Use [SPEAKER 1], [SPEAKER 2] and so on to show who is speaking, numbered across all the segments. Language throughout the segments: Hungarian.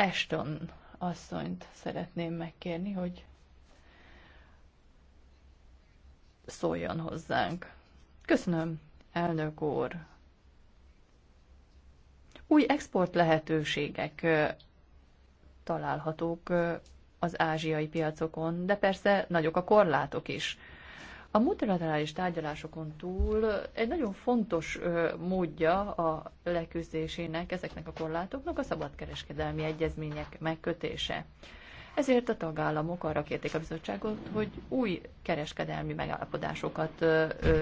[SPEAKER 1] Eston asszonyt szeretném megkérni, hogy szóljon hozzánk. Köszönöm, elnök úr. Új export lehetőségek találhatók az ázsiai piacokon, de persze nagyok a korlátok is. A multilaterális tárgyalásokon túl egy nagyon fontos módja a leküzdésének ezeknek a korlátoknak a szabadkereskedelmi egyezmények megkötése. Ezért a tagállamok arra kérték a bizottságot, hogy új kereskedelmi megállapodásokat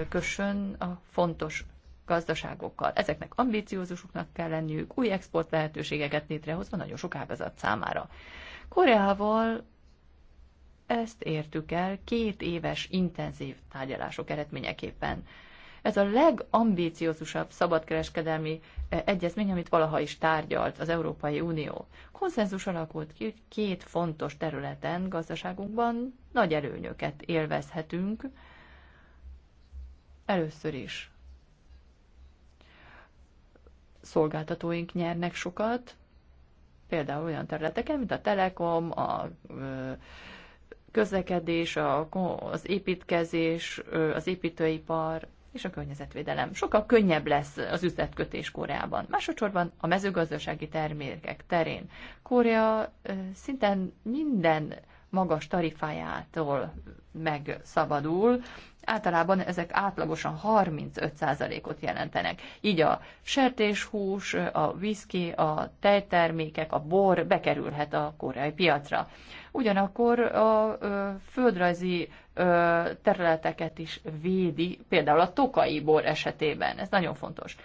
[SPEAKER 1] kössön a fontos gazdaságokkal. Ezeknek ambíciózusoknak kell lenniük, új export lehetőségeket létrehozva nagyon sok ágazat számára. Koreával ezt értük el két éves intenzív tárgyalások eredményeképpen. Ez a legambíciózusabb szabadkereskedelmi eh, egyezmény, amit valaha is tárgyalt az Európai Unió. Konszenzus alakult ki, hogy két fontos területen gazdaságunkban nagy előnyöket élvezhetünk. Először is szolgáltatóink nyernek sokat, például olyan területeken, mint a Telekom, a közlekedés, az építkezés, az építőipar és a környezetvédelem. Sokkal könnyebb lesz az üzletkötés Koreában. Másodszorban a mezőgazdasági termékek terén. Korea szinten minden magas tarifájától megszabadul. Általában ezek átlagosan 35%-ot jelentenek. Így a sertéshús, a viszki, a tejtermékek, a bor bekerülhet a koreai piacra. Ugyanakkor a földrajzi területeket is védi, például a tokai bor esetében. Ez nagyon fontos.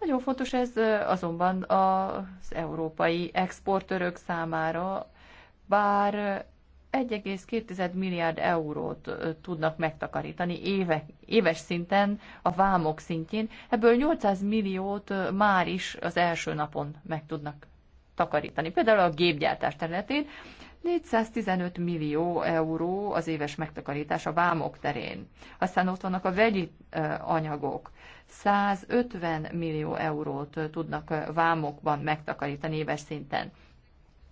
[SPEAKER 1] Nagyon fontos ez azonban az európai exportőrök számára, bár 1,2 milliárd eurót tudnak megtakarítani éve, éves szinten, a vámok szintjén. Ebből 800 milliót már is az első napon meg tudnak takarítani. Például a gépgyártás területén 415 millió euró az éves megtakarítás a vámok terén. Aztán ott vannak a vegyi anyagok. 150 millió eurót tudnak vámokban megtakarítani éves szinten.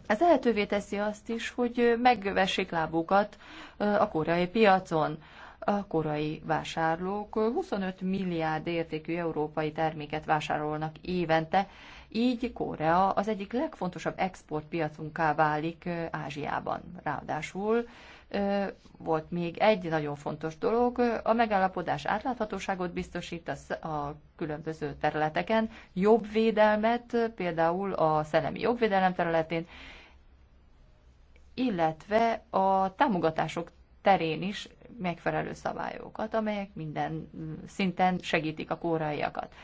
[SPEAKER 1] Ez lehetővé teszi azt is, hogy megvessék lábukat a koreai piacon. A korai vásárlók 25 milliárd értékű európai terméket vásárolnak évente, így Korea az egyik legfontosabb exportpiacunká válik Ázsiában. Ráadásul volt még egy nagyon fontos dolog, a megállapodás átláthatóságot biztosít a különböző területeken, jobb védelmet, például a szellemi jogvédelem területén, illetve a támogatások terén is megfelelő szabályokat, amelyek minden szinten segítik a kóraiakat.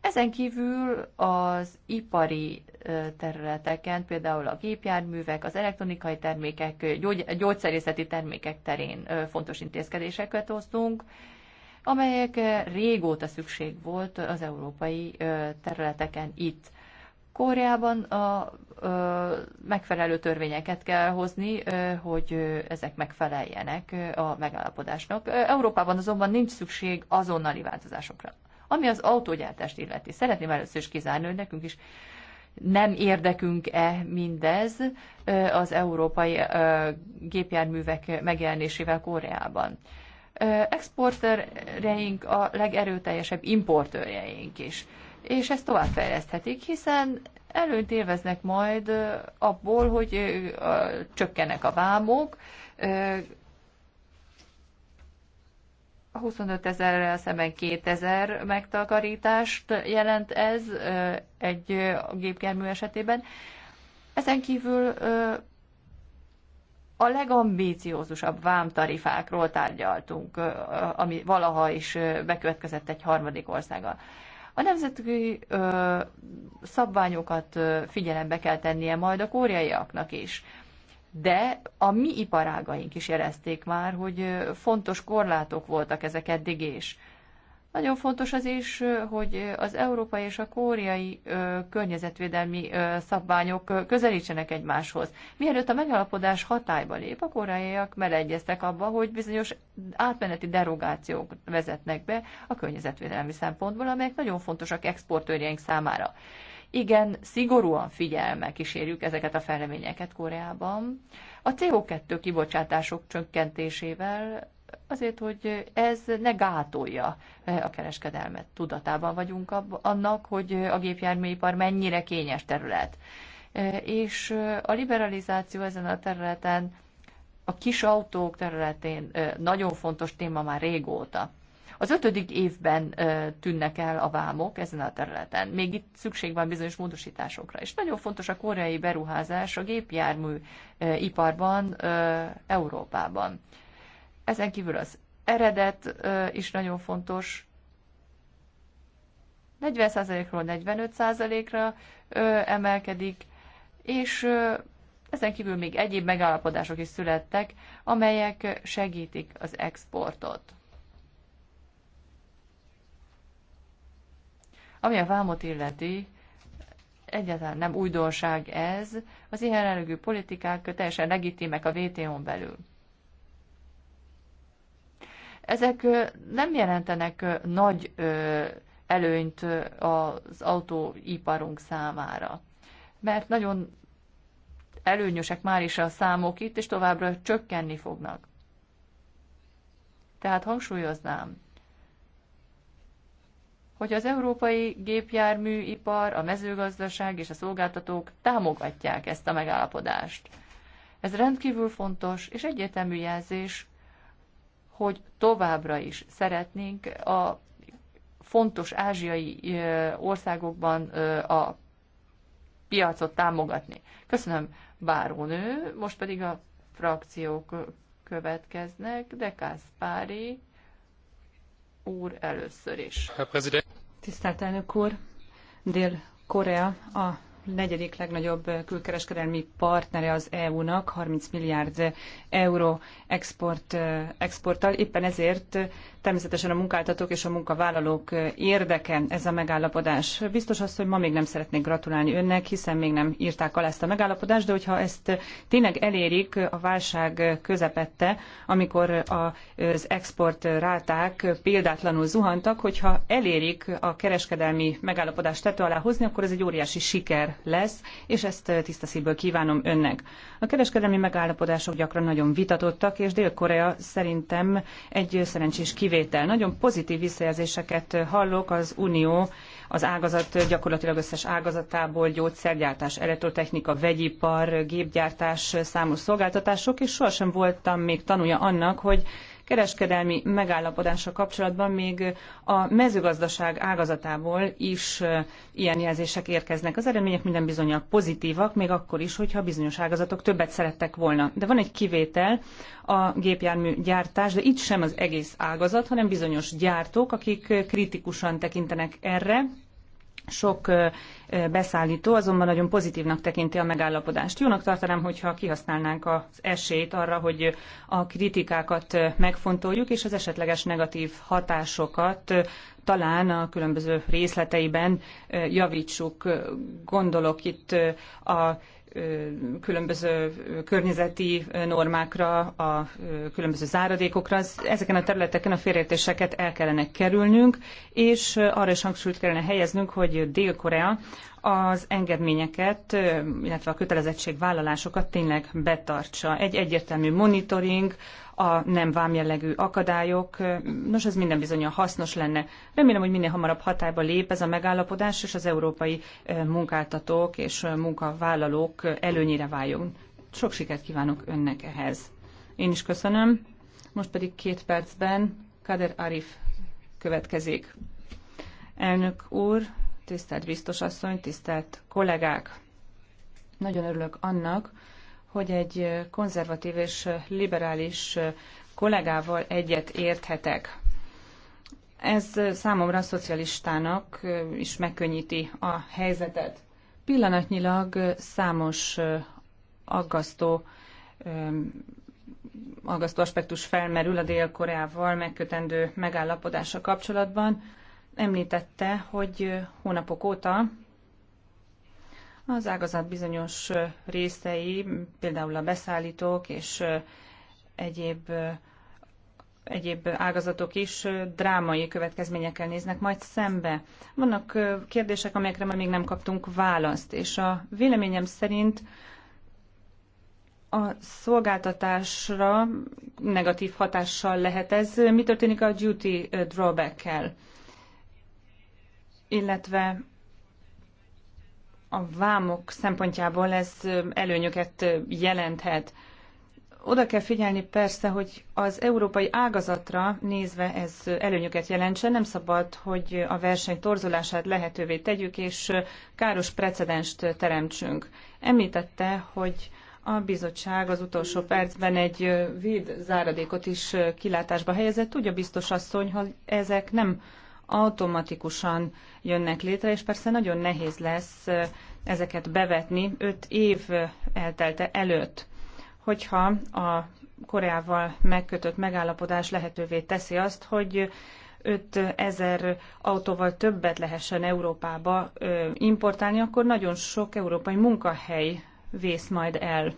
[SPEAKER 1] Ezen kívül az ipari területeken, például a gépjárművek, az elektronikai termékek, gyógy, gyógyszerészeti termékek terén fontos intézkedéseket hoztunk, amelyek régóta szükség volt az európai területeken itt. Koreában a megfelelő törvényeket kell hozni, hogy ezek megfeleljenek a megállapodásnak. Európában azonban nincs szükség azonnali változásokra. Ami az autógyártást illeti, szeretném először is kizárni, hogy nekünk is nem érdekünk-e mindez az európai gépjárművek megjelenésével Koreában. Exportereink a legerőteljesebb importőrjeink is és ezt továbbfejleszthetik, hiszen előnyt élveznek majd abból, hogy csökkenek a vámok, 25 ezerrel szemben 2000 megtakarítást jelent ez egy gépjármű esetében. Ezen kívül a legambíciózusabb vámtarifákról tárgyaltunk, ami valaha is bekövetkezett egy harmadik országgal. A nemzetközi szabványokat figyelembe kell tennie majd a koreaiaknak is. De a mi iparágaink is jelezték már, hogy fontos korlátok voltak ezek eddig is. Nagyon fontos az is, hogy az európai és a kóriai környezetvédelmi szabványok közelítsenek egymáshoz. Mielőtt a megállapodás hatályba lép, a kóriaiak meleegyeztek abba, hogy bizonyos átmeneti derogációk vezetnek be a környezetvédelmi szempontból, amelyek nagyon fontosak exportőrjeink számára. Igen, szigorúan figyelme kísérjük ezeket a fejleményeket Koreában. A CO2 kibocsátások csökkentésével azért, hogy ez ne gátolja eh, a kereskedelmet. Tudatában vagyunk annak, hogy a gépjárműipar mennyire kényes terület. Eh, és eh, a liberalizáció ezen a területen, a kis autók területén nagyon fontos téma már régóta. Az ötödik évben tűnnek el a vámok ezen a területen. Még itt szükség van bizonyos módosításokra. És nagyon fontos a koreai beruházás a gépjármű iparban Európában. Ezen kívül az eredet is nagyon fontos. 40%-ról 45%-ra emelkedik, és ezen kívül még egyéb megállapodások is születtek, amelyek segítik az exportot. Ami a vámot illeti, egyáltalán nem újdonság ez, az ilyen politikák teljesen legitimek a vto n belül. Ezek nem jelentenek nagy előnyt az autóiparunk számára, mert nagyon előnyösek már is a számok itt, és továbbra csökkenni fognak. Tehát hangsúlyoznám, hogy az európai gépjárműipar, a mezőgazdaság és a szolgáltatók támogatják ezt a megállapodást. Ez rendkívül fontos és egyértelmű jelzés hogy továbbra is szeretnénk a fontos ázsiai országokban a piacot támogatni. Köszönöm, bárónő, most pedig a frakciók következnek, de Kászpári
[SPEAKER 2] úr először is. Tisztelt elnök úr, Dél-Korea a negyedik legnagyobb külkereskedelmi partnere az EU-nak, 30 milliárd euró export, exporttal. Éppen ezért természetesen a munkáltatók és a munkavállalók érdeke ez a megállapodás. Biztos az, hogy ma még nem szeretnék gratulálni önnek, hiszen még nem írták alá ezt a megállapodást, de hogyha ezt tényleg elérik a válság közepette, amikor az export ráták példátlanul zuhantak, hogyha elérik a kereskedelmi megállapodást tető alá hozni, akkor ez egy óriási siker lesz, és ezt tiszta szívből kívánom önnek. A kereskedelmi megállapodások gyakran nagyon vitatottak, és Dél-Korea szerintem egy szerencsés kívánom kivétel. Nagyon pozitív visszajelzéseket hallok az Unió az ágazat gyakorlatilag összes ágazatából, gyógyszergyártás, elektrotechnika, vegyipar, gépgyártás, számos szolgáltatások, és sohasem voltam még tanulja annak, hogy kereskedelmi megállapodása kapcsolatban még a mezőgazdaság ágazatából is ilyen jelzések érkeznek. Az eredmények minden bizonyal pozitívak, még akkor is, hogyha bizonyos ágazatok többet szerettek volna. De van egy kivétel, a gépjármű gyártás, de itt sem az egész ágazat, hanem bizonyos gyártók, akik kritikusan tekintenek erre, sok beszállító azonban nagyon pozitívnak tekinti a megállapodást. Jónak tartanám, hogyha kihasználnánk az esélyt arra, hogy a kritikákat megfontoljuk, és az esetleges negatív hatásokat talán a különböző részleteiben javítsuk. Gondolok itt a különböző környezeti normákra, a különböző záradékokra. Ezeken a területeken a félreértéseket el kellene kerülnünk, és arra is hangsúlyt kellene helyeznünk, hogy Dél-Korea az engedményeket, illetve a kötelezettségvállalásokat tényleg betartsa. Egy egyértelmű monitoring, a nem vámjellegű akadályok. Nos, ez minden bizonyan hasznos lenne. Remélem, hogy minél hamarabb hatályba lép ez a megállapodás, és az európai eh, munkáltatók és eh, munkavállalók eh, előnyére váljon. Sok sikert kívánok önnek ehhez. Én is köszönöm. Most pedig két percben Kader Arif következik. Elnök úr, tisztelt biztosasszony, tisztelt kollégák! Nagyon örülök annak, hogy egy konzervatív és liberális kollégával egyet érthetek. Ez számomra a szocialistának is megkönnyíti a helyzetet. Pillanatnyilag számos aggasztó aggasztó aspektus felmerül a Dél-Koreával megkötendő megállapodása kapcsolatban. Említette, hogy hónapok óta az ágazat bizonyos részei, például a beszállítók és egyéb egyéb ágazatok is drámai következményekkel néznek majd szembe. Vannak kérdések, amelyekre ma még nem kaptunk választ, és a véleményem szerint a szolgáltatásra negatív hatással lehet ez. Mi történik a duty drawback-kel? Illetve a vámok szempontjából ez előnyöket jelenthet. Oda kell figyelni persze, hogy az európai ágazatra nézve ez előnyöket jelentsen, nem szabad, hogy a verseny torzulását lehetővé tegyük, és káros precedenst teremtsünk. Említette, hogy a bizottság az utolsó percben egy véd záradékot is kilátásba helyezett. Tudja biztos asszony, hogy ezek nem automatikusan jönnek létre, és persze nagyon nehéz lesz ezeket bevetni 5 év eltelte előtt, hogyha a Koreával megkötött megállapodás lehetővé teszi azt, hogy 5000 autóval többet lehessen Európába importálni, akkor nagyon sok európai munkahely vész majd el.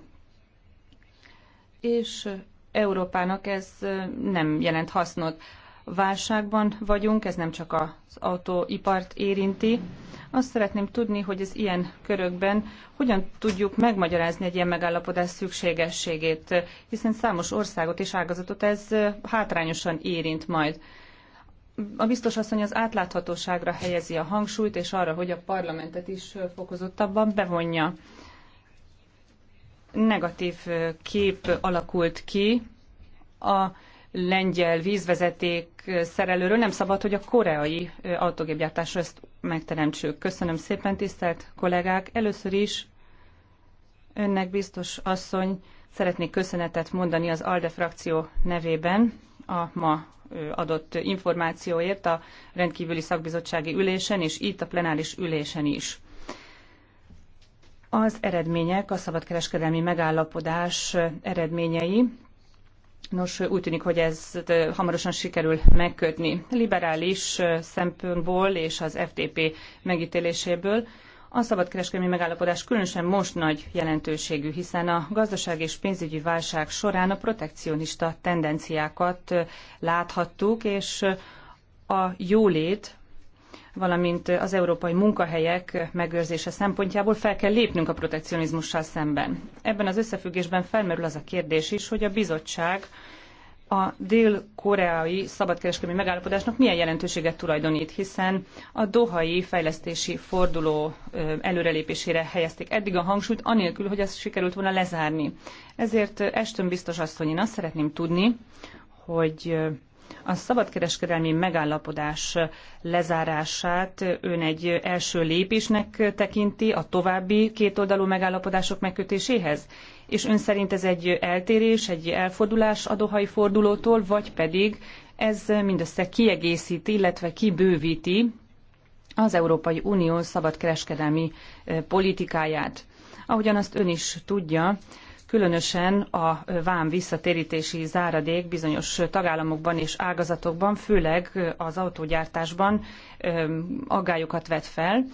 [SPEAKER 2] És Európának ez nem jelent hasznot válságban vagyunk, ez nem csak az autóipart érinti. Azt szeretném tudni, hogy az ilyen körökben hogyan tudjuk megmagyarázni egy ilyen megállapodás szükségességét, hiszen számos országot és ágazatot ez hátrányosan érint majd. A biztos asszony az átláthatóságra helyezi a hangsúlyt, és arra, hogy a parlamentet is fokozottabban bevonja. Negatív kép alakult ki a lengyel vízvezeték szerelőről, nem szabad, hogy a koreai autógépgyártásra ezt megteremtsük. Köszönöm szépen, tisztelt kollégák! Először is önnek biztos asszony szeretnék köszönetet mondani az ALDE frakció nevében a ma adott információért a rendkívüli szakbizottsági ülésen és itt a plenáris ülésen is. Az eredmények, a szabadkereskedelmi megállapodás eredményei Nos, úgy tűnik, hogy ezt hamarosan sikerül megkötni. Liberális szempontból és az FDP megítéléséből a szabadkereskedelmi megállapodás különösen most nagy jelentőségű, hiszen a gazdaság és pénzügyi válság során a protekcionista tendenciákat láthattuk, és a jólét valamint az európai munkahelyek megőrzése szempontjából fel kell lépnünk a protekcionizmussal szemben. Ebben az összefüggésben felmerül az a kérdés is, hogy a bizottság a dél-koreai szabadkereskedelmi megállapodásnak milyen jelentőséget tulajdonít, hiszen a dohai fejlesztési forduló előrelépésére helyezték eddig a hangsúlyt, anélkül, hogy ezt sikerült volna lezárni. Ezért Eston biztos asszony, én azt szeretném tudni, hogy a szabadkereskedelmi megállapodás lezárását ön egy első lépésnek tekinti a további kétoldalú megállapodások megkötéséhez? És ön szerint ez egy eltérés, egy elfordulás a dohai fordulótól, vagy pedig ez mindössze kiegészíti, illetve kibővíti az Európai Unió szabadkereskedelmi eh, politikáját? Ahogyan azt ön is tudja, különösen a vám visszatérítési záradék bizonyos tagállamokban és ágazatokban, főleg az autógyártásban aggályokat vet fel,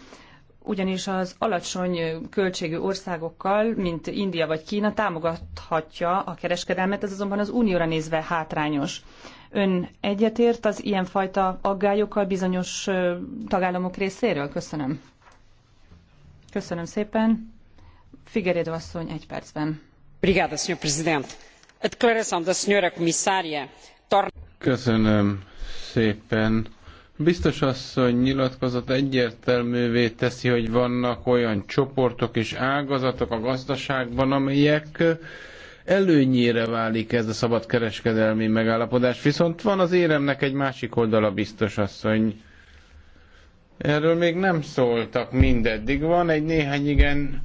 [SPEAKER 2] ugyanis az alacsony költségű országokkal, mint India vagy Kína támogathatja a kereskedelmet, ez azonban az unióra nézve hátrányos. Ön egyetért az ilyenfajta aggályokkal bizonyos tagállamok részéről? Köszönöm. Köszönöm szépen. Figyelédő asszony egy percben
[SPEAKER 3] köszönöm szépen. Biztos asszony nyilatkozat egyértelművé teszi, hogy vannak olyan csoportok és ágazatok a gazdaságban, amelyek előnyére válik ez a szabadkereskedelmi megállapodás. Viszont van az éremnek egy másik oldala, biztos asszony. Erről még nem szóltak mindeddig. Van egy néhány igen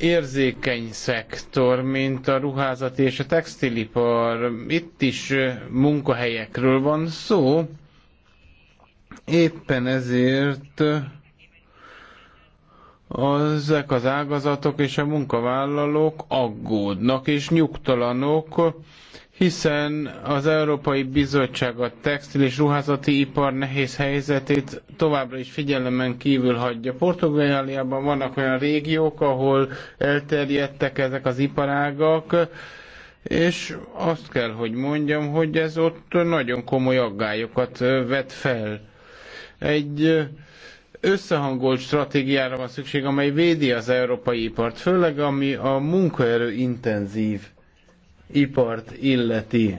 [SPEAKER 3] érzékeny szektor, mint a ruházati és a textilipar. Itt is munkahelyekről van szó. Éppen ezért ezek az ágazatok és a munkavállalók aggódnak és nyugtalanok, hiszen az Európai Bizottság a textil és ruházati ipar nehéz helyzetét továbbra is figyelemen kívül hagyja. Portugáliában vannak olyan régiók, ahol elterjedtek ezek az iparágak, és azt kell, hogy mondjam, hogy ez ott nagyon komoly aggályokat vet fel. Egy összehangolt stratégiára van szükség, amely védi az európai ipart, főleg ami a munkaerő intenzív ipart illeti.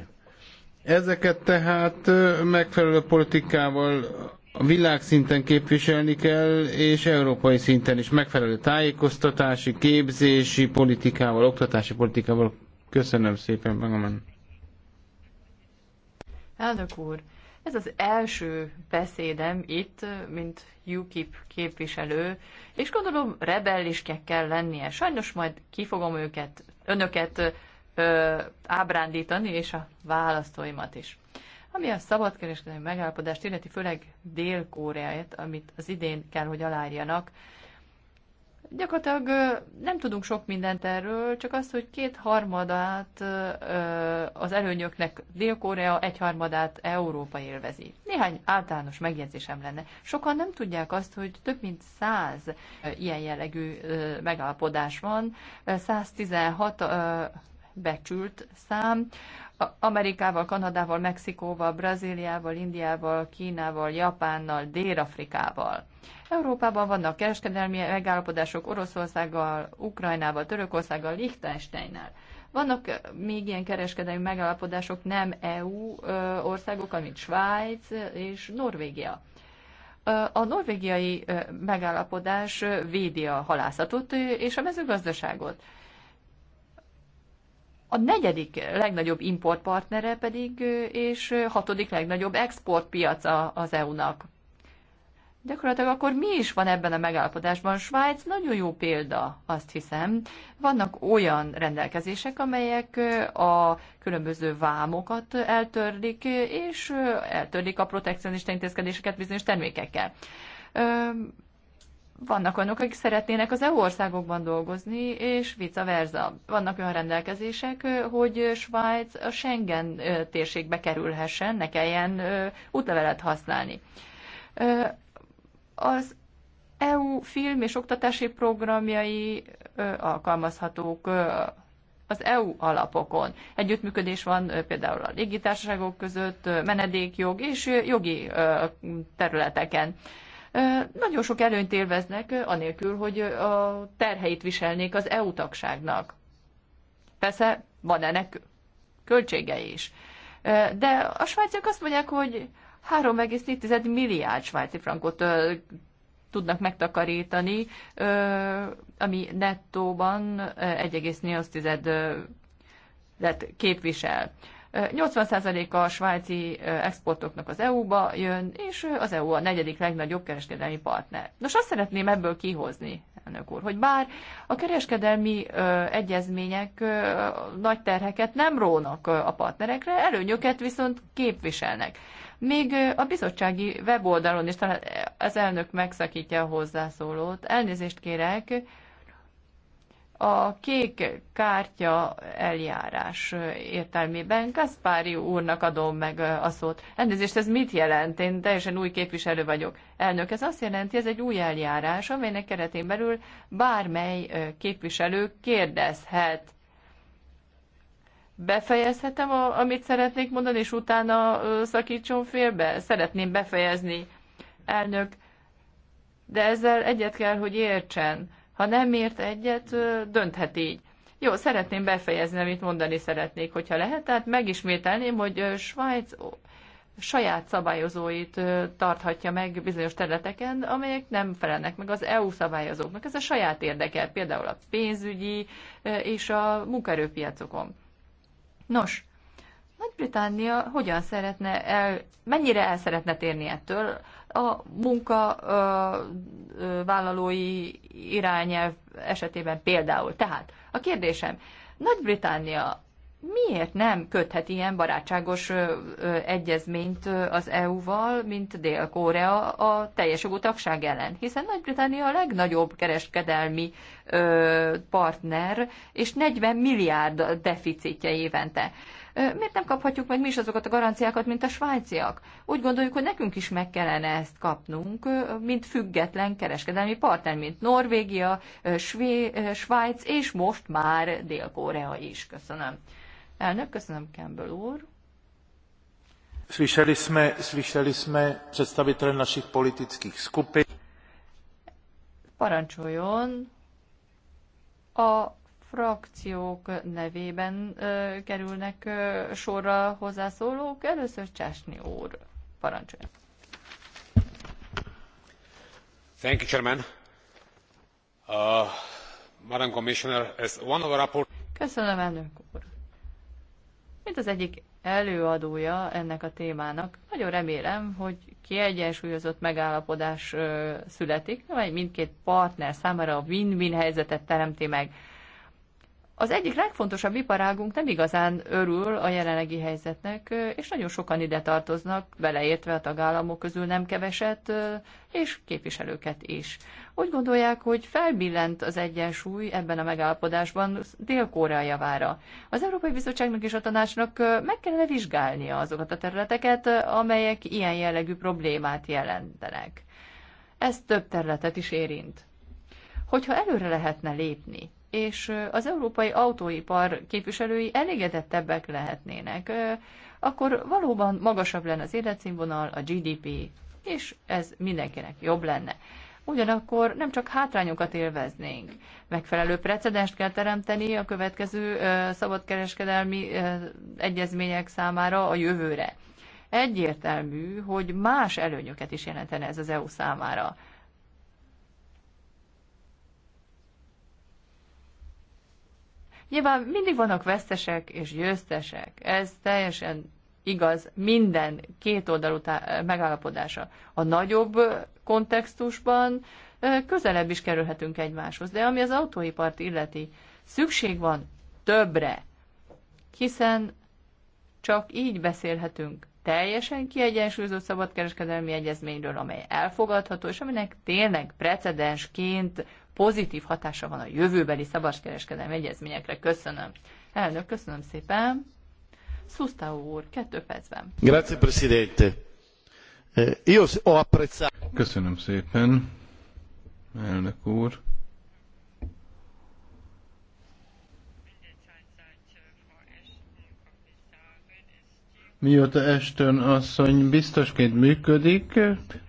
[SPEAKER 3] Ezeket tehát megfelelő politikával a világszinten képviselni kell, és európai szinten is megfelelő tájékoztatási, képzési politikával, oktatási politikával. Köszönöm szépen, Bengaman.
[SPEAKER 1] Elnök úr, ez az első beszédem itt, mint UKIP képviselő, és gondolom rebellisnek kell lennie. Sajnos majd kifogom őket, önöket ö, ábrándítani, és a választóimat is. Ami a szabadkereskedelmi megállapodást illeti, főleg dél kóreáját amit az idén kell, hogy aláírjanak. gyakorlatilag nem tudunk sok mindent erről, csak azt, hogy két harmadát az előnyöknek Dél-Korea, egy harmadát Európa élvezi. Néhány általános megjegyzésem lenne. Sokan nem tudják azt, hogy több mint száz ilyen jellegű megállapodás van, 116 becsült szám. Amerikával, Kanadával, Mexikóval, Brazíliával, Indiával, Kínával, Japánnal, Dél-Afrikával. Európában vannak kereskedelmi megállapodások Oroszországgal, Ukrajnával, Törökországgal, Liechtensteinnel. Vannak még ilyen kereskedelmi megállapodások nem EU országok, mint Svájc és Norvégia. A norvégiai megállapodás védi a halászatot és a mezőgazdaságot. A negyedik legnagyobb importpartnere pedig, és hatodik legnagyobb exportpiaca az EU-nak. Gyakorlatilag akkor mi is van ebben a megállapodásban? Svájc nagyon jó példa, azt hiszem. Vannak olyan rendelkezések, amelyek a különböző vámokat eltörlik, és eltörlik a protekcionista intézkedéseket bizonyos termékekkel vannak olyanok, akik szeretnének az EU országokban dolgozni, és vice versa. Vannak olyan rendelkezések, hogy Svájc a Schengen térségbe kerülhessen, ne kelljen útlevelet használni. Az EU film és oktatási programjai alkalmazhatók az EU alapokon. Együttműködés van például a légitársaságok között, menedékjog és jogi területeken nagyon sok előnyt élveznek, anélkül, hogy a terheit viselnék az EU tagságnak. Persze van ennek költsége is. De a svájciak azt mondják, hogy 3,4 milliárd svájci frankot tudnak megtakarítani, ami nettóban 1,8 képvisel. 80%-a a svájci exportoknak az EU-ba jön, és az EU a negyedik legnagyobb kereskedelmi partner. Nos, azt szeretném ebből kihozni, elnök úr, hogy bár a kereskedelmi egyezmények nagy terheket nem rónak a partnerekre, előnyöket viszont képviselnek. Még a bizottsági weboldalon is talán az elnök megszakítja a hozzászólót. Elnézést kérek, a kék kártya eljárás értelmében Kaspári úrnak adom meg a szót. Elnézést, ez mit jelent? Én teljesen új képviselő vagyok. Elnök, ez azt jelenti, ez egy új eljárás, amelynek keretén belül bármely képviselő kérdezhet. Befejezhetem, a, amit szeretnék mondani, és utána szakítson félbe? Szeretném befejezni, elnök, de ezzel egyet kell, hogy értsen ha nem ért egyet, dönthet így. Jó, szeretném befejezni, amit mondani szeretnék, hogyha lehet. Tehát megismételném, hogy Svájc saját szabályozóit tarthatja meg bizonyos területeken, amelyek nem felelnek meg az EU szabályozóknak. Ez a saját érdeke, például a pénzügyi és a munkaerőpiacokon. Nos, Nagy-Britannia hogyan szeretne el, mennyire el szeretne térni ettől, a munka vállalói irányelv esetében például. Tehát a kérdésem, Nagy-Britannia miért nem köthet ilyen barátságos egyezményt az EU-val, mint Dél-Korea a teljes jogú tagság ellen? Hiszen Nagy-Britannia a legnagyobb kereskedelmi partner, és 40 milliárd deficitje évente miért nem kaphatjuk meg mi is azokat a garanciákat, mint a svájciak? Úgy gondoljuk, hogy nekünk is meg kellene ezt kapnunk, mint független kereskedelmi partner, mint Norvégia, Svájc, és most már Dél-Korea is. Köszönöm. Elnök, köszönöm Campbell úr.
[SPEAKER 3] Slyšeli jsme, slyšeli jsme představitele našich politických skupin.
[SPEAKER 1] Parancsoljon a frakciók nevében ö, kerülnek ö, sorra hozzászólók. Először Csásni úr, parancsolja.
[SPEAKER 3] Thank you, Chairman. Uh, Madam Commissioner, as one of our rapport...
[SPEAKER 1] Köszönöm, elnök úr. Mint az egyik előadója ennek a témának, nagyon remélem, hogy kiegyensúlyozott megállapodás születik, amely mindkét partner számára a win-win helyzetet teremti meg. Az egyik legfontosabb iparágunk nem igazán örül a jelenlegi helyzetnek, és nagyon sokan ide tartoznak, beleértve a tagállamok közül nem keveset, és képviselőket is. Úgy gondolják, hogy felbillent az egyensúly ebben a megállapodásban Dél-Korea javára. Az Európai Bizottságnak és a tanácsnak meg kellene vizsgálnia azokat a területeket, amelyek ilyen jellegű problémát jelentenek. Ez több területet is érint. Hogyha előre lehetne lépni, és az európai autóipar képviselői elégedettebbek lehetnének, akkor valóban magasabb lenne az életszínvonal, a GDP, és ez mindenkinek jobb lenne. Ugyanakkor nem csak hátrányokat élveznénk. Megfelelő precedenst kell teremteni a következő szabadkereskedelmi egyezmények számára a jövőre. Egyértelmű, hogy más előnyöket is jelentene ez az EU számára Nyilván mindig vannak vesztesek és győztesek. Ez teljesen igaz minden két oldalú megállapodása. A nagyobb kontextusban közelebb is kerülhetünk egymáshoz. De ami az autóipart illeti, szükség van többre, hiszen csak így beszélhetünk teljesen kiegyensúlyozott szabadkereskedelmi egyezményről, amely elfogadható, és aminek tényleg precedensként pozitív hatása van a jövőbeli szabadkereskedelmi egyezményekre. Köszönöm. Elnök, köszönöm szépen. Szuszta úr, kettő percben. Grazie, Presidente.
[SPEAKER 3] Eh, io ho apprezzato. Köszönöm szépen, elnök úr. mióta Eston asszony biztosként működik,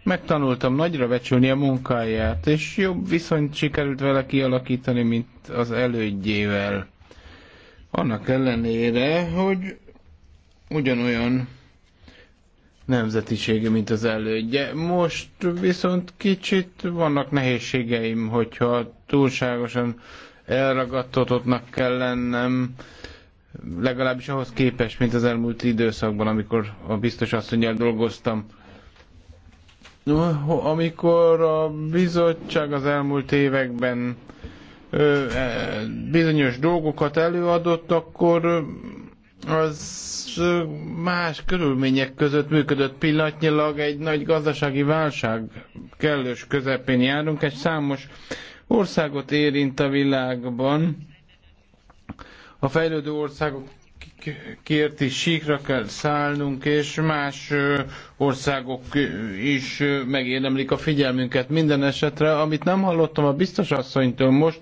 [SPEAKER 3] megtanultam nagyra becsülni a munkáját, és jobb viszonyt sikerült vele kialakítani, mint az elődjével. Annak ellenére, hogy ugyanolyan nemzetisége, mint az elődje. Most viszont kicsit vannak nehézségeim, hogyha túlságosan elragadtatottnak kell lennem, legalábbis ahhoz képest, mint az elmúlt időszakban, amikor a biztos asszonyjal dolgoztam. Amikor a bizottság az elmúlt években e, bizonyos dolgokat előadott, akkor az más körülmények között működött pillanatnyilag egy nagy gazdasági válság kellős közepén járunk, egy számos országot érint a világban, a fejlődő országok kért is síkra kell szállnunk, és más országok is megérdemlik a figyelmünket minden esetre. Amit nem hallottam a biztos asszonytól most,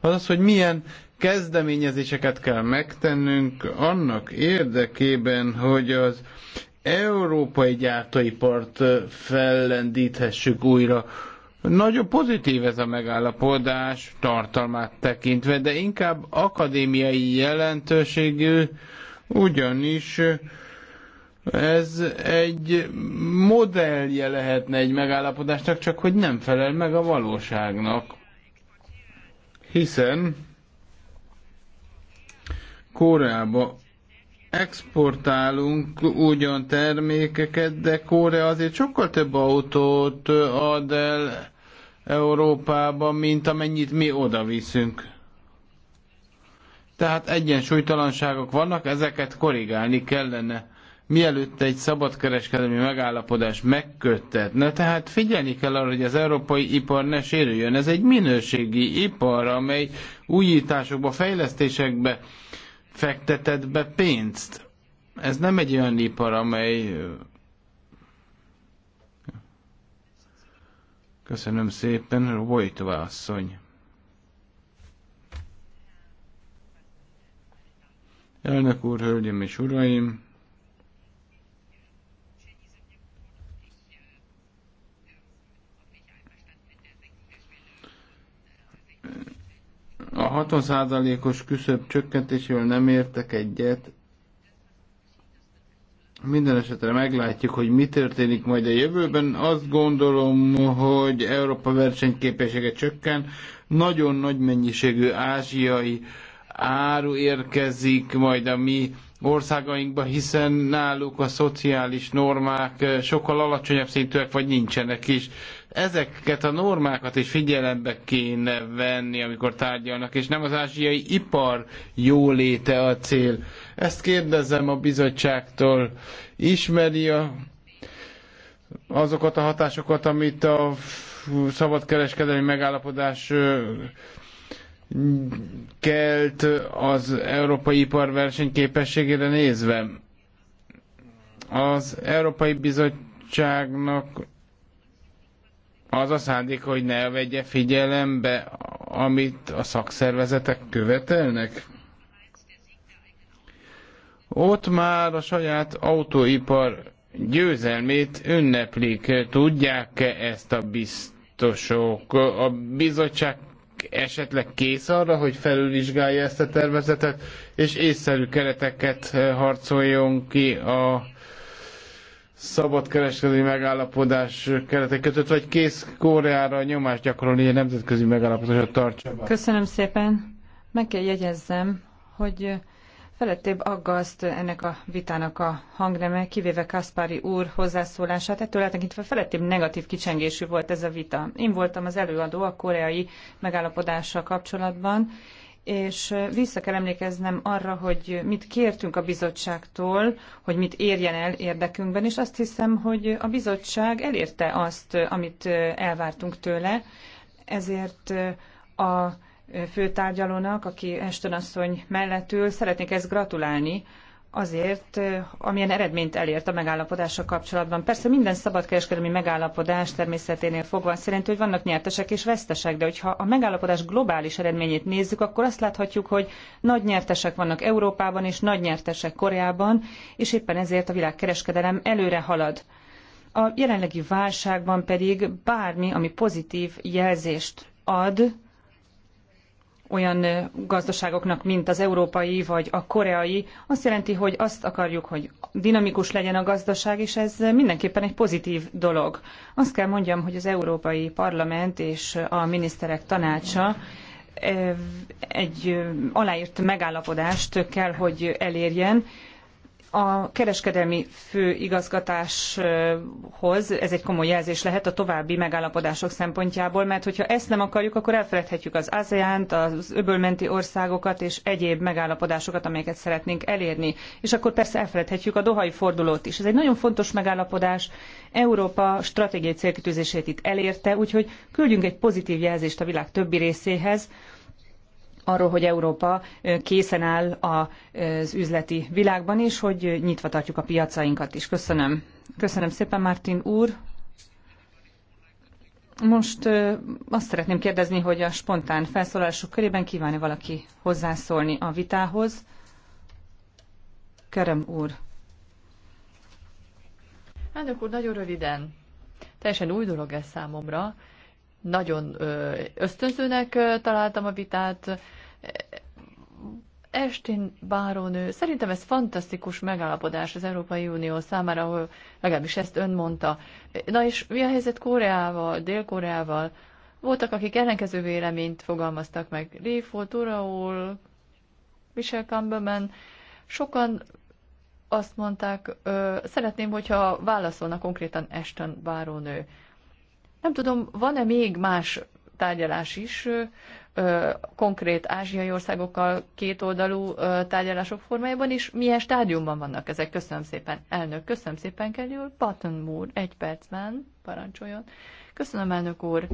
[SPEAKER 3] az az, hogy milyen kezdeményezéseket kell megtennünk annak érdekében, hogy az európai gyártóipart fellendíthessük újra nagyon pozitív ez a megállapodás tartalmát tekintve, de inkább akadémiai jelentőségű, ugyanis ez egy modellje lehetne egy megállapodásnak, csak hogy nem felel meg a valóságnak. Hiszen Koreában exportálunk ugyan termékeket, de Korea azért sokkal több autót ad el Európába, mint amennyit mi oda viszünk. Tehát egyensúlytalanságok vannak, ezeket korrigálni kellene, mielőtt egy szabadkereskedelmi megállapodás megköttetne. Tehát figyelni kell arra, hogy az európai ipar ne sérüljön. Ez egy minőségi ipar, amely újításokba, fejlesztésekbe fektetett be pénzt. Ez nem egy olyan ipar, amely... Köszönöm szépen, Vojtova asszony. Elnök úr, hölgyem és uraim! 60%-os küszöbb csökkentésével nem értek egyet. Minden esetre meglátjuk, hogy mi történik majd a jövőben. Azt gondolom, hogy Európa versenyképessége csökken. Nagyon nagy mennyiségű ázsiai áru érkezik majd a mi országainkba, hiszen náluk a szociális normák sokkal alacsonyabb szintűek, vagy nincsenek is. Ezeket a normákat is figyelembe kéne venni, amikor tárgyalnak, és nem az ázsiai ipar jóléte a cél. Ezt kérdezem a bizottságtól. Ismeri a, azokat a hatásokat, amit a szabadkereskedelmi megállapodás kelt az európai ipar versenyképességére nézve. Az Európai Bizottságnak az a szándék, hogy ne vegye figyelembe, amit a szakszervezetek követelnek? Ott már a saját autóipar győzelmét ünneplik. Tudják-e ezt a biztosok? A bizottság esetleg kész arra, hogy felülvizsgálja ezt a tervezetet, és észszerű kereteket harcoljon ki a szabadkereskedelmi megállapodás keretek között, vagy kész Koreára nyomást gyakorolni, hogy a nemzetközi megállapodásot tartsa. Köszönöm
[SPEAKER 2] szépen. Meg kell jegyezzem, hogy felettébb aggaszt ennek a vitának a hangneme, kivéve Kaspári úr hozzászólását. Ettől eltekintve felettébb negatív kicsengésű volt ez a vita. Én voltam az előadó a koreai megállapodással kapcsolatban, és vissza kell emlékeznem arra, hogy mit kértünk a bizottságtól, hogy mit érjen el érdekünkben, és azt hiszem, hogy a bizottság elérte azt, amit elvártunk tőle, ezért a főtárgyalónak, aki Eston asszony mellett ül, szeretnék ezt gratulálni, azért, amilyen eredményt elért a megállapodással kapcsolatban. Persze minden szabadkereskedelmi megállapodás természeténél fogva azt jelenti, hogy vannak nyertesek és vesztesek, de hogyha a megállapodás globális eredményét nézzük, akkor azt láthatjuk, hogy nagy nyertesek vannak Európában és nagy nyertesek Koreában, és éppen ezért a világkereskedelem előre halad. A jelenlegi válságban pedig bármi, ami pozitív jelzést ad, olyan gazdaságoknak, mint az európai vagy a koreai, azt jelenti, hogy azt akarjuk, hogy dinamikus legyen a gazdaság, és ez mindenképpen egy pozitív dolog. Azt kell mondjam, hogy az Európai Parlament és a miniszterek tanácsa egy aláírt megállapodást kell, hogy elérjen, a kereskedelmi főigazgatáshoz ez egy komoly jelzés lehet a további megállapodások szempontjából, mert hogyha ezt nem akarjuk, akkor elfeledhetjük az ASEAN-t, az öbölmenti országokat és egyéb megállapodásokat, amelyeket szeretnénk elérni. És akkor persze elfeledhetjük a dohai fordulót is. Ez egy nagyon fontos megállapodás. Európa stratégiai célkitűzését itt elérte, úgyhogy küldjünk egy pozitív jelzést a világ többi részéhez, arról, hogy Európa készen áll az üzleti világban is, hogy nyitva tartjuk a piacainkat is. Köszönöm. Köszönöm szépen, Martin úr. Most azt szeretném kérdezni, hogy a spontán felszólalások körében kíván-e valaki hozzászólni a vitához? Kerem úr.
[SPEAKER 1] Elnök úr, nagyon röviden. Teljesen új dolog ez számomra, nagyon ösztönzőnek találtam a vitát. Estin bárónő, szerintem ez fantasztikus megállapodás az Európai Unió számára, ahol legalábbis ezt ön mondta. Na és mi a helyzet Koreával, Dél-Koreával? Voltak, akik ellenkező véleményt fogalmaztak meg. Rifolt, Turaul, Michel Campbellman, sokan azt mondták, ö, szeretném, hogyha válaszolna konkrétan Eston bárónő. Nem tudom, van-e még más tárgyalás is konkrét ázsiai országokkal kétoldalú tárgyalások formájában, is? milyen stádiumban vannak ezek? Köszönöm szépen, elnök, köszönöm szépen, Kelly úr. Button úr, egy percben, parancsoljon. Köszönöm, elnök úr.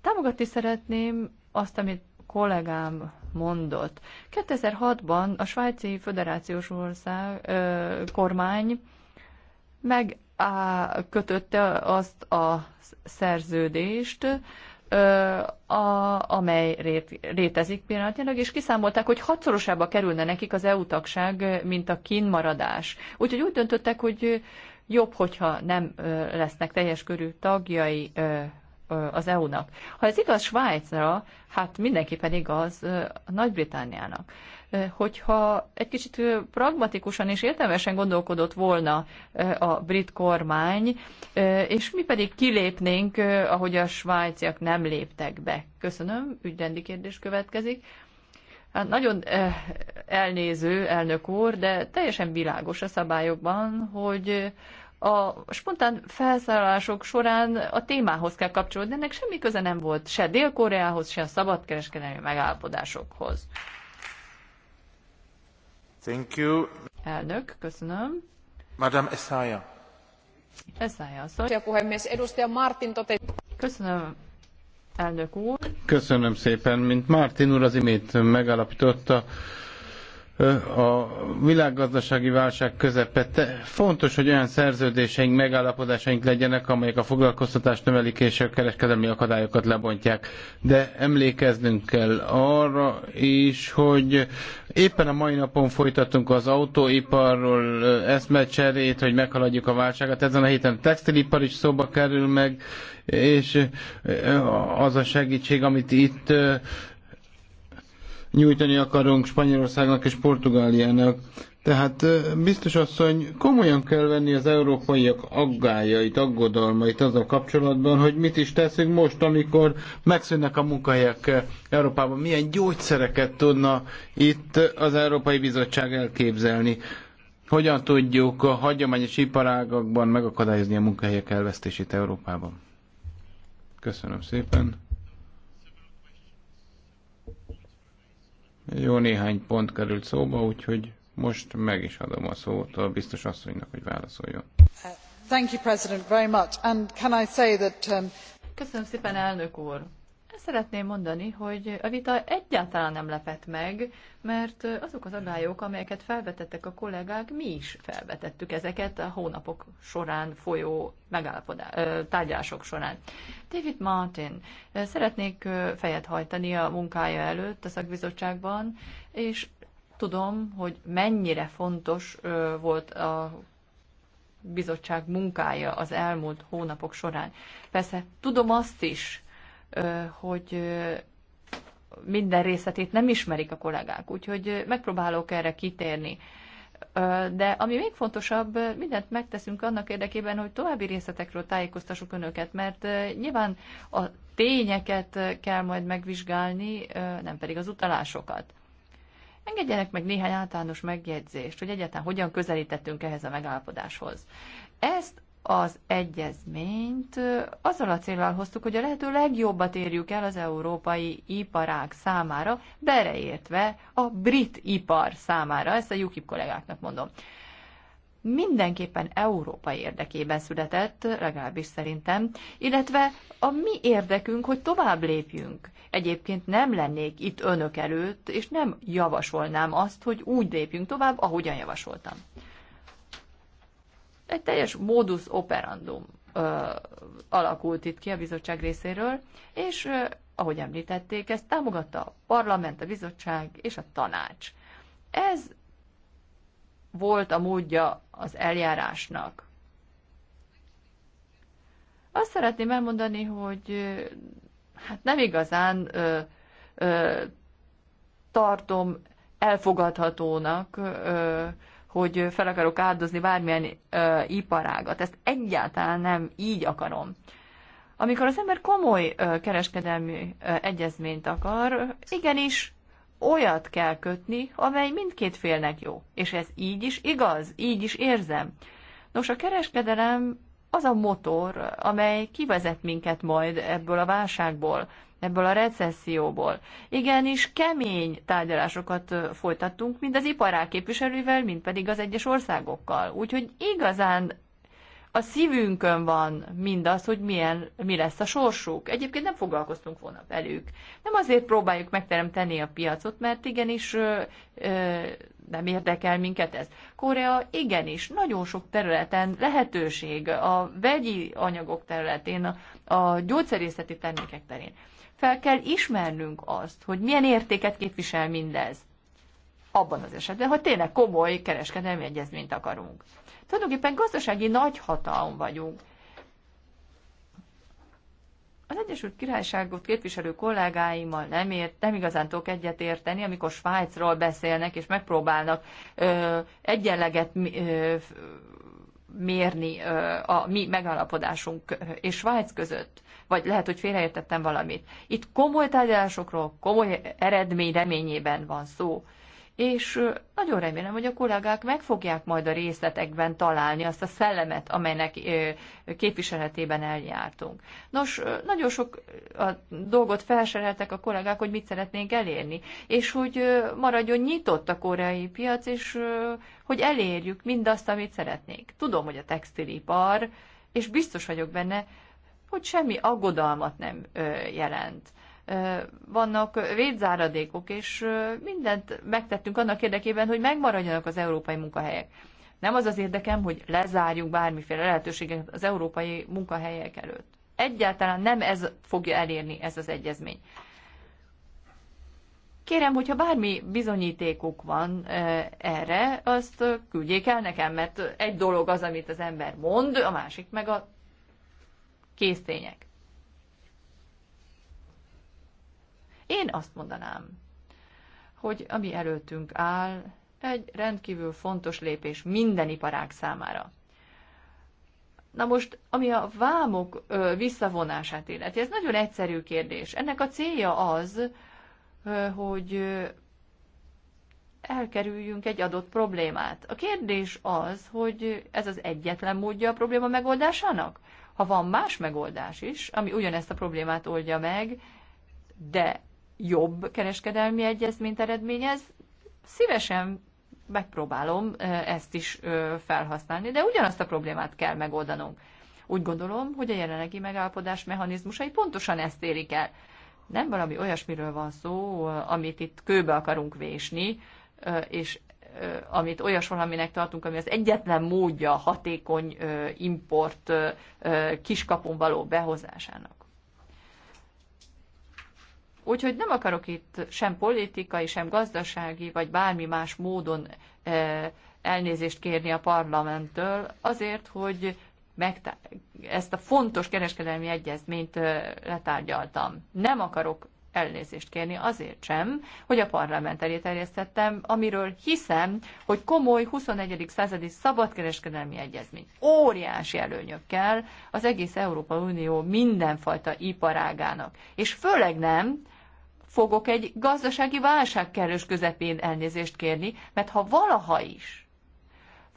[SPEAKER 1] Támogatni szeretném azt, amit kollégám mondott. 2006-ban a svájci föderációs ország kormány meg á, kötötte azt a szerződést, ö, a, amely rét, létezik pillanatnyilag, és kiszámolták, hogy hatszorosába kerülne nekik az EU tagság, mint a kínmaradás. Úgyhogy úgy döntöttek, hogy jobb, hogyha nem lesznek teljes körű tagjai az EU-nak. Ha ez igaz Svájcra, hát mindenképpen igaz Nagy-Britanniának. Eh, hogyha egy kicsit eh, pragmatikusan és értelmesen gondolkodott volna eh, a brit kormány, és mi pedig kilépnénk, ahogy a svájciak nem léptek be. Köszönöm, ügyrendi kérdés következik. Hát nagyon elnéző, elnök úr, de teljesen világos a szabályokban, hogy a spontán felszállások során a témához kell kapcsolódni, ennek semmi köze nem volt se Dél-Koreához, se a szabadkereskedelmi megállapodásokhoz. Elnök, köszönöm.
[SPEAKER 3] Madame Eszája.
[SPEAKER 1] Eszája, szóval. puhemies, edustaja Martin totesi. Köszönöm, elnök úr.
[SPEAKER 3] Köszönöm szépen. Mint Martin úr az imént megalapította, a világgazdasági válság közepette fontos, hogy olyan szerződéseink, megállapodásaink legyenek, amelyek a foglalkoztatást növelik és a kereskedelmi akadályokat lebontják. De emlékeznünk kell arra is, hogy éppen a mai napon folytatunk az autóiparról eszmecserét, hogy meghaladjuk a válságot. Ezen a héten a textilipar is szóba kerül meg, és az a segítség, amit itt nyújtani akarunk Spanyolországnak és Portugáliának. Tehát biztos asszony, komolyan kell venni az európaiak aggájait, aggodalmait azzal kapcsolatban, hogy mit is teszünk most, amikor megszűnnek a munkahelyek Európában. Milyen gyógyszereket tudna itt az Európai Bizottság elképzelni? Hogyan tudjuk a hagyományos iparágakban megakadályozni a munkahelyek elvesztését Európában? Köszönöm szépen. Jó néhány pont került szóba, úgyhogy most meg is adom a szót a biztos asszonynak, hogy válaszoljon.
[SPEAKER 1] Um, Köszönöm szépen, elnök úr! azt szeretném mondani, hogy a vita egyáltalán nem lepett meg, mert azok az agályok, amelyeket felvetettek a kollégák, mi is felvetettük ezeket a hónapok során folyó megállapodás, tárgyalások során. David Martin, szeretnék fejet hajtani a munkája előtt a szakbizottságban, és tudom, hogy mennyire fontos volt a bizottság munkája az elmúlt hónapok során. Persze tudom azt is, hogy minden részletét nem ismerik a kollégák, úgyhogy megpróbálok erre kitérni. De ami még fontosabb, mindent megteszünk annak érdekében, hogy további részletekről tájékoztassuk önöket, mert nyilván a tényeket kell majd megvizsgálni, nem pedig az utalásokat. Engedjenek meg néhány általános megjegyzést, hogy egyáltalán hogyan közelítettünk ehhez a megállapodáshoz. Ezt az egyezményt azzal a célral hoztuk, hogy a lehető legjobbat érjük el az európai iparák számára, beleértve a brit ipar számára, ezt a UKIP kollégáknak mondom. Mindenképpen európai érdekében született, legalábbis szerintem, illetve a mi érdekünk, hogy tovább lépjünk. Egyébként nem lennék itt önök előtt, és nem javasolnám azt, hogy úgy lépjünk tovább, ahogyan javasoltam egy teljes modus operandum ö, alakult itt ki a bizottság részéről, és ö, ahogy említették, ezt támogatta a parlament, a bizottság és a tanács. Ez volt a módja az eljárásnak. Azt szeretném elmondani, hogy hát nem igazán ö, ö, tartom elfogadhatónak ö, hogy fel akarok áldozni bármilyen ö, iparágat. Ezt egyáltalán nem így akarom. Amikor az ember komoly ö, kereskedelmi ö, egyezményt akar, igenis olyat kell kötni, amely mindkét félnek jó. És ez így is igaz, így is érzem. Nos, a kereskedelem az a motor, amely kivezet minket majd ebből a válságból ebből a recesszióból. Igenis kemény tárgyalásokat folytattunk, mind az iparák képviselővel, mind pedig az egyes országokkal. Úgyhogy igazán a szívünkön van mindaz, hogy milyen, mi lesz a sorsuk. Egyébként nem foglalkoztunk volna velük. Nem azért próbáljuk megteremteni a piacot, mert igenis ö, ö, nem érdekel minket ez. Korea igenis nagyon sok területen lehetőség, a vegyi anyagok területén, a, a gyógyszerészeti termékek terén fel kell ismernünk azt, hogy milyen értéket képvisel mindez. Abban az esetben, hogy tényleg komoly kereskedelmi egyezményt akarunk. Tulajdonképpen gazdasági nagy hatalom vagyunk. Az Egyesült Királyságot képviselő kollégáimmal nem, ért, nem igazán tudok egyet érteni, amikor Svájcról beszélnek és megpróbálnak ö, egyenleget ö, mérni ö, a mi megállapodásunk és Svájc között vagy lehet, hogy félreértettem valamit. Itt komoly tárgyalásokról, komoly eredmény reményében van szó. És nagyon remélem, hogy a kollégák meg fogják majd a részletekben találni azt a szellemet, amelynek képviseletében eljártunk. Nos, nagyon sok a dolgot felsereltek a kollégák, hogy mit szeretnénk elérni, és hogy maradjon nyitott a koreai piac, és hogy elérjük mindazt, amit szeretnénk. Tudom, hogy a textilipar, és biztos vagyok benne, hogy semmi aggodalmat nem jelent. Vannak védzáradékok, és mindent megtettünk annak érdekében, hogy megmaradjanak az európai munkahelyek. Nem az az érdekem, hogy lezárjuk bármiféle lehetőséget az európai munkahelyek előtt. Egyáltalán nem ez fogja elérni ez az egyezmény. Kérem, hogyha bármi bizonyítékok van erre, azt küldjék el nekem, mert egy dolog az, amit az ember mond, a másik meg a késztények. Én azt mondanám, hogy ami előttünk áll, egy rendkívül fontos lépés minden iparág számára. Na most, ami a vámok ö, visszavonását illeti, ez nagyon egyszerű kérdés. Ennek a célja az, ö, hogy ö, elkerüljünk egy adott problémát. A kérdés az, hogy ez az egyetlen módja a probléma megoldásának? Ha van más megoldás is, ami ugyanezt a problémát oldja meg, de jobb kereskedelmi egyezményt eredményez, szívesen megpróbálom ezt is felhasználni, de ugyanazt a problémát kell megoldanunk. Úgy gondolom, hogy a jelenlegi megállapodás mechanizmusai pontosan ezt érik el. Nem valami olyasmiről van szó, amit itt kőbe akarunk vésni, és amit olyas valaminek tartunk, ami az egyetlen módja hatékony import kiskapon való behozásának. Úgyhogy nem akarok itt sem politikai, sem gazdasági, vagy bármi más módon elnézést kérni a parlamenttől azért, hogy ezt a fontos kereskedelmi egyezményt letárgyaltam. Nem akarok elnézést kérni azért sem, hogy a parlament elé terjesztettem, amiről hiszem, hogy komoly 21. századi szabadkereskedelmi egyezmény óriási előnyökkel az egész Európa Unió mindenfajta iparágának. És főleg nem fogok egy gazdasági válság kellős közepén elnézést kérni, mert ha valaha is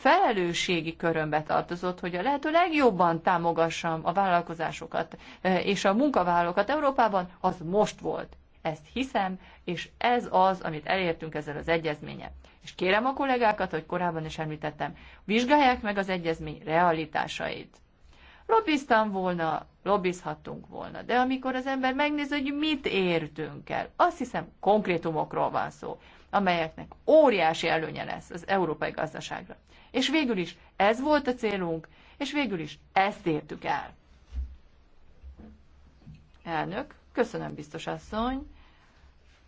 [SPEAKER 1] felelősségi körömbe tartozott, hogy a lehető legjobban támogassam a vállalkozásokat e, és a munkavállalókat Európában, az most volt. Ezt hiszem, és ez az, amit elértünk ezzel az egyezménye. És kérem a kollégákat, hogy korábban is említettem, vizsgálják meg az egyezmény realitásait. Lobbiztam volna, lobbizhattunk volna, de amikor az ember megnézi, hogy mit értünk el, azt hiszem konkrétumokról van szó amelyeknek óriási előnye lesz az európai gazdaságra. És végül is ez volt a célunk, és végül is ezt értük el. Elnök, köszönöm biztos asszony,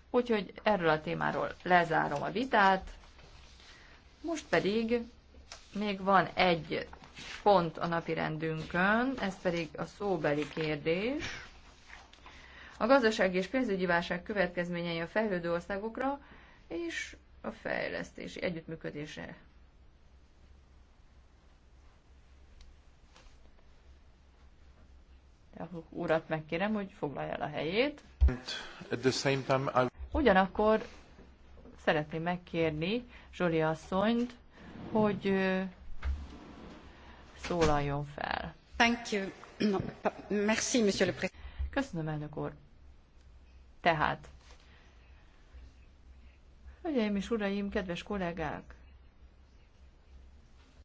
[SPEAKER 1] úgyhogy erről a témáról lezárom a vitát. Most pedig még van egy pont a napi rendünkön, ez pedig a szóbeli kérdés. A gazdasági és pénzügyi válság következményei a fejlődő országokra, és a fejlesztési együttműködésre. Urat megkérem, hogy foglalja el a helyét. Ugyanakkor szeretném megkérni Zsoli asszonyt, hogy szólaljon fel. Thank you. merci, monsieur le Président. Köszönöm, elnök úr. Tehát Hölgyeim és uraim, kedves kollégák!